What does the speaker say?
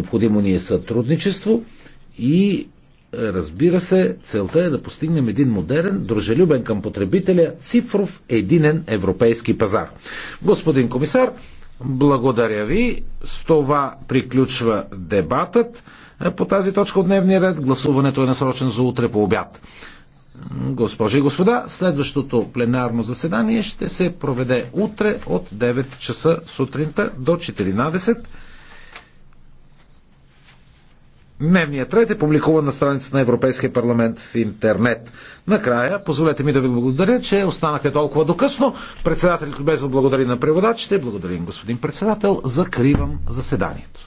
Необходимо ни е сътрудничество и разбира се, целта е да постигнем един модерен, дружелюбен към потребителя, цифров, единен европейски пазар. Господин комисар, благодаря ви. С това приключва дебатът по тази точка от дневния ред. Гласуването е насрочено за утре по обяд. Госпожи и господа, следващото пленарно заседание ще се проведе утре от 9 часа сутринта до 14. Дневният ред е публикуван на страницата на Европейския парламент в интернет. Накрая, позволете ми да ви благодаря, че останахте толкова докъсно. Председателят любезно благодари на преводачите. Благодарим, господин председател. Закривам заседанието.